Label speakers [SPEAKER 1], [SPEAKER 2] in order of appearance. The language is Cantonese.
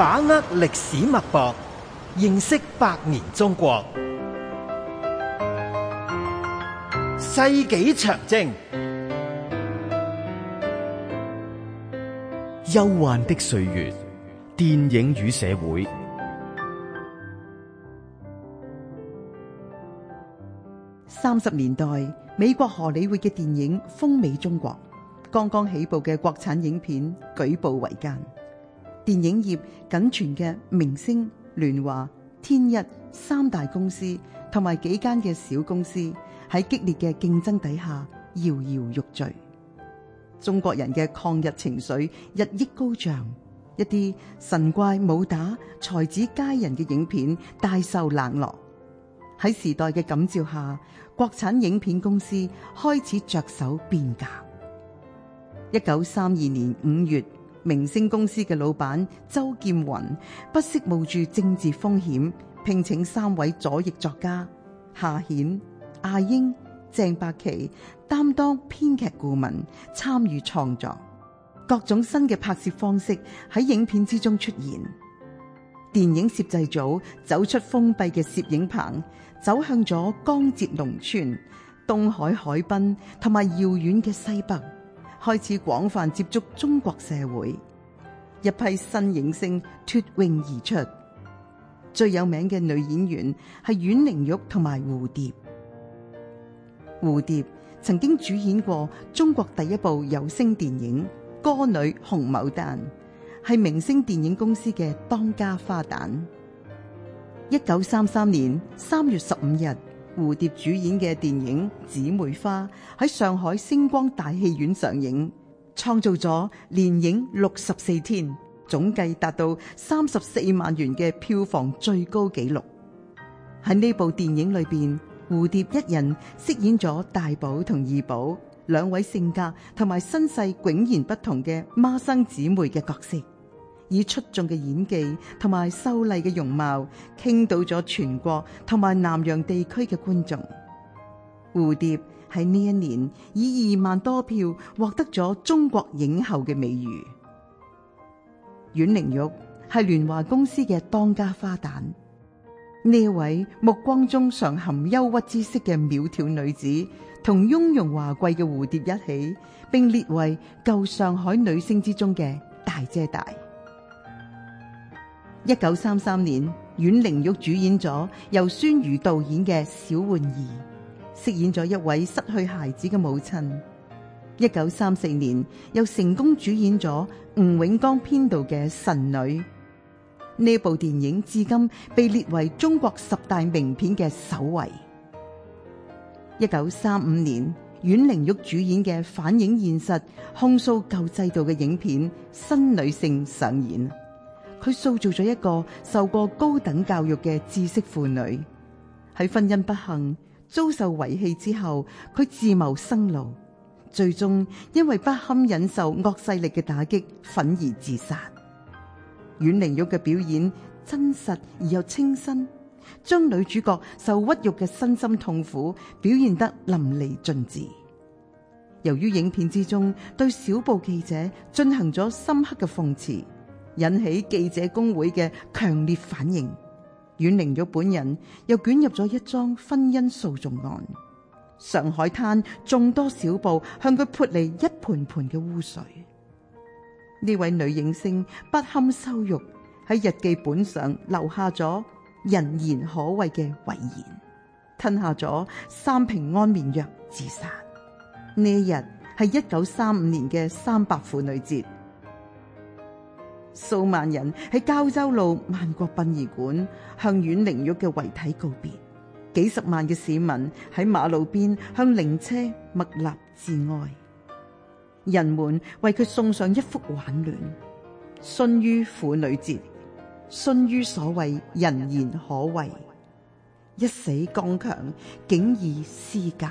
[SPEAKER 1] 把握歷史脈搏，認識百年中國。世紀長征，憂患的歲月。電影與社會。
[SPEAKER 2] 三十年代，美國荷里活嘅電影風靡中國，剛剛起步嘅國產影片舉步維艱。電影業僅存嘅明星聯華、天一三大公司同埋幾間嘅小公司喺激烈嘅競爭底下搖搖欲墜。中國人嘅抗日情緒日益高漲，一啲神怪武打、才子佳人嘅影片大受冷落。喺時代嘅感召下，國產影片公司開始着手變革。一九三二年五月。明星公司嘅老闆周劍雲不惜冒住政治風險，聘請三位左翼作家夏衍、阿英、鄭伯奇擔當編劇顧問，參與創作。各種新嘅拍攝方式喺影片之中出現。電影攝製組走出封閉嘅攝影棚，走向咗江浙農村、東海海濱同埋遙遠嘅西北。開始廣泛接觸中國社會，一批新影星脫穎而出。最有名嘅女演員係阮玲玉同埋蝴蝶。蝴蝶曾經主演過中國第一部有聲電影《歌女紅牡丹》，係明星電影公司嘅當家花旦。一九三三年三月十五日。蝴蝶主演嘅電影《姊妹花》喺上海星光大戲院上映，創造咗連影六十四天，總計達到三十四萬元嘅票房最高紀錄。喺呢部電影裏邊，蝴蝶一人飾演咗大寶同二寶兩位性格同埋身世迥然不同嘅孖生姊妹嘅角色。以出眾嘅演技同埋秀麗嘅容貌，傾倒咗全國同埋南洋地區嘅觀眾。蝴蝶喺呢一年以二萬多票獲得咗中國影后嘅美譽。阮玲玉係聯華公司嘅當家花旦，呢位目光中常含憂鬱之色嘅苗條女子，同雍容華貴嘅蝴蝶一起，並列為舊上海女星之中嘅大姐大。一九三三年，阮玲玉主演咗由孫瑜導演嘅《小玩意》，飾演咗一位失去孩子嘅母親。一九三四年，又成功主演咗吳永剛編導嘅《神女》。呢部電影至今被列為中國十大名片嘅首位。一九三五年，阮玲玉主演嘅反映現實、控訴舊制度嘅影片《新女性》上演。佢塑造咗一個受過高等教育嘅知識婦女，喺婚姻不幸、遭受遺棄之後，佢自謀生路，最終因為不堪忍受惡勢力嘅打擊，憤而自殺。阮玲玉嘅表演真實而又清新，將女主角受屈辱嘅身心痛苦表現得淋漓盡致。由於影片之中對小報記者進行咗深刻嘅諷刺。引起記者工會嘅強烈反應，阮玲玉本人又捲入咗一樁婚姻訴訟案，上海灘眾多小報向佢潑嚟一盆盆嘅污水。呢位女影星不堪羞辱，喺日記本上留下咗人言可畏嘅遺言，吞下咗三瓶安眠藥自殺。呢日係一九三五年嘅三八婦女節。數萬人喺膠州路萬國殯儀館向阮玲玉嘅遺體告別，幾十萬嘅市民喺馬路邊向靈車默立致哀，人們為佢送上一幅挽聯：殉於婦女節，殉於所謂人言可畏，一死剛強，竟以屍價。